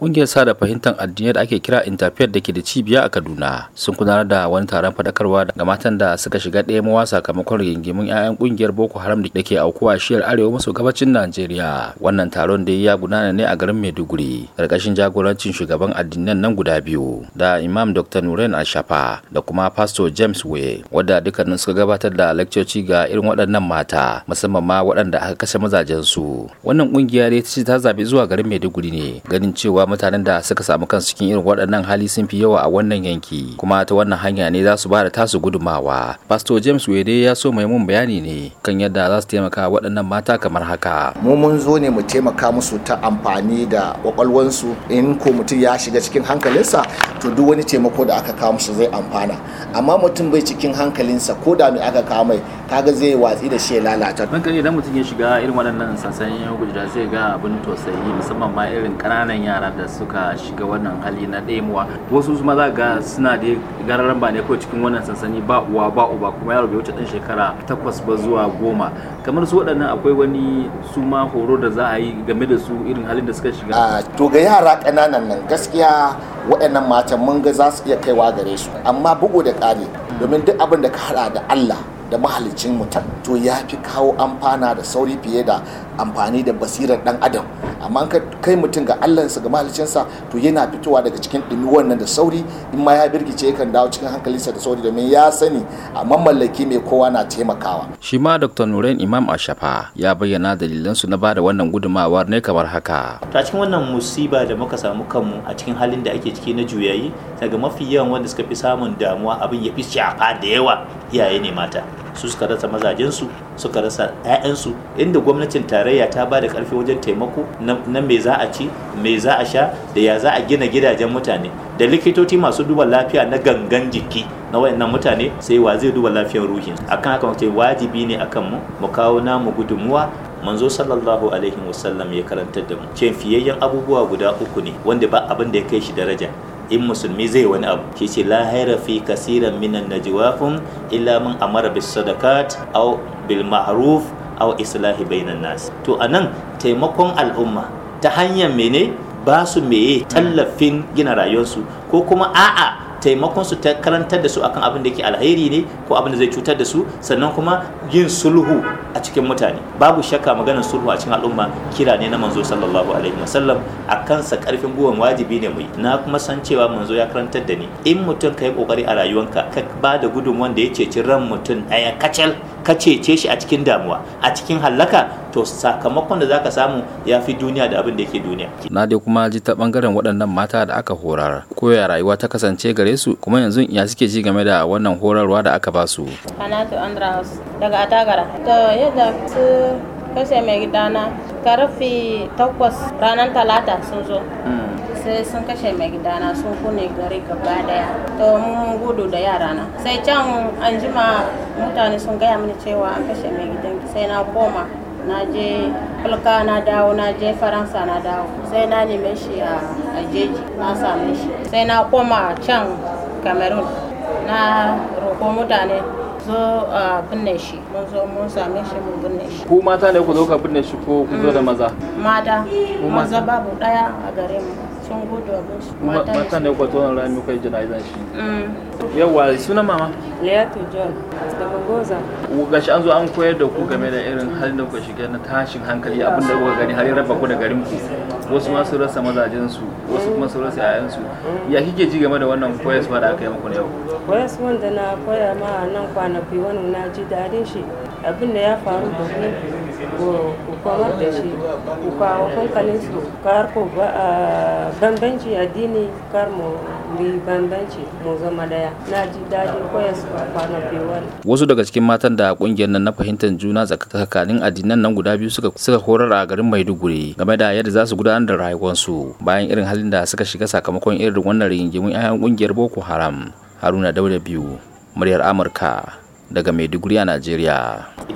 Ƙungiyar da fahimtar addinai da ake kira Interfaith da ke da cibiya a Kaduna sun gudanar da wani taron faɗakarwa ga matan da suka shiga ɗaya mawa sakamakon rigingimun 'ya'yan kungiyar Boko Haram da ke aukuwa shiyar arewa maso gabacin Najeriya. Wannan taron da ya gudana ne a garin Maiduguri ƙarƙashin jagorancin shugaban addinan nan guda biyu da Imam Dr. Nuren Ashafa da kuma Pastor James Way wadda dukkanin suka gabatar da lakcoci ga irin waɗannan mata musamman ma waɗanda aka kashe su. Wannan ƙungiyar ne ta ce ta zaɓi zuwa garin Maiduguri ne ganin cewa mutanen da suka samu kansu cikin irin waɗannan hali sun fi yawa a wannan yanki kuma ta wannan hanya ne za su ba da tasu gudumawa pastor james wede ya so mai mun bayani ne kan yadda za su taimaka waɗannan mata kamar haka mu mun zo ne mu taimaka musu ta amfani da kwakwalwansu in ko mutum ya shiga cikin hankalinsa to duk wani taimako da aka kawo musu zai amfana amma mutum bai cikin hankalinsa ko da mai aka kawo mai kaga zai watsi da shi ya lalata hankali idan mutum ya shiga irin waɗannan sansanin guda zai ga abin tausayi musamman ma irin ƙananan yara da suka shiga wannan hali na ɗaimuwa wasu su maza ga suna da gararan ba ne kawai cikin wannan sansani ba uwa ba uba kuma yaro bai wuce ɗan shekara takwas ba zuwa goma kamar su waɗannan akwai wani su ma horo da za a yi game da su irin halin da suka shiga. to ga yara ƙananan nan gaskiya waɗannan matan mun ga za su iya kaiwa gare su amma bugo da ƙari domin duk abin da ka haɗa da Allah da mahalicin mutum to ya fi kawo amfana da sauri fiye da amfani da basirar dan adam amma kai mutum ga allahnsa ga mahalicinsa to yana fitowa daga cikin dumi wannan da sauri in ma ya birgice yakan dawo cikin hankalinsa da sauri domin ya sani a mamallaki mai kowa na taimakawa shi ma dr nurain imam ashafa ya bayyana dalilansu na bada wannan gudumawar ne kamar haka ta cikin wannan musiba da muka samu kanmu a cikin halin da ake ciki na juyayi daga mafi yawan wanda suka fi samun damuwa abin ya fi shafa da yawa iyaye ne mata su suka rasa mazajensu suka rasa 'ya'yansu inda gwamnatin tarayya ta ba da karfi wajen taimako na me za a ci me za a sha da ya za a gina gidajen mutane da likitoci masu duba lafiya na gangan jiki na wayannan mutane sai wa zai duba lafiyar ruhin akan haka mutum wajibi ne akan mu mu kawo namu gudunmuwa manzo sallallahu alaihi wasallam ya karantar da mu cin fiyayyen abubuwa guda uku ne wanda ba abin da ya kai shi daraja in musulmi zai wani abu shi ce la fi kasiran minan najwafum illa man amara bis sadakat aw bil ma'ruf aw islahi bainan nas to anan taimakon al'umma ta hanyar mene ba su meye tallafin gina rayuwarsu ko kuma a'a taimakon su ta karantar da su akan abin da yake alheri ne ko abin da zai cutar da su sannan kuma yin sulhu a cikin mutane babu shakka maganar sulhu a cikin al'umma kira ne na manzo sallallahu alaihi wasallam a kansa karfin gwiwan wajibi ne mu na kuma san cewa manzo ya karantar da ni in mutum ka yi kokari a rayuwanka ka ba da gudun da ya ceci ran mutum ɗaya kacal ka cece shi a cikin damuwa a cikin hallaka to sakamakon da zaka samu ya fi duniya da abin da yake duniya na dai kuma ji ta bangaren waɗannan mata da aka horar ko ya rayuwa ta kasance gare su kuma yanzu ya suke ji game da wannan horarwa da aka ba su Kanatu Andras daga Atagara to yadda su kashe mai gidana karfi takwas ranar talata sun zo hmm. sai sun kashe mai gidana sun kune gari gaba daya to mun gudu da na sai can an jima mutane sun gaya mini cewa an kashe mai gidan sai na koma na je fulka na dawo na je faransa na dawo sai na neme shi a jeji na same shi sai na koma can cameroon na roƙo mutane zo a binne shi mun zo mun same shi mun binne shi ku mata ne ku zo ka binne shi ko ku zo da mm. maza mata maza babu daya a gare mu sun gode wa musu matan da kuka tona rami kai jana'izan shi mm. yawa sunan mama liyatu john da magoza gashi an zo an koyar da ku game da irin halin da kuka shiga na tashin hankali abin da kuka gani har ya raba ku da garin ku wasu ma su rasa mazajen su wasu kuma su rasa yayan su ya kike ji game da wannan ba da aka yi muku na yau koyarwa wanda na koya ma nan kwanaki wani na ji dadin shi abin da ya faru da ku kawar daya wasu daga cikin matan da kungiyar nan na fahimtar juna tsakanin addinan nan guda biyu suka horar a garin maiduguri game da yadda za su gudanar da rayuwarsu bayan irin halin da suka shiga sakamakon irin wannan rigingimun 'ya'yan kungiyar boko haram haruna dauda biyu muryar amurka daga maiduguri a najeriya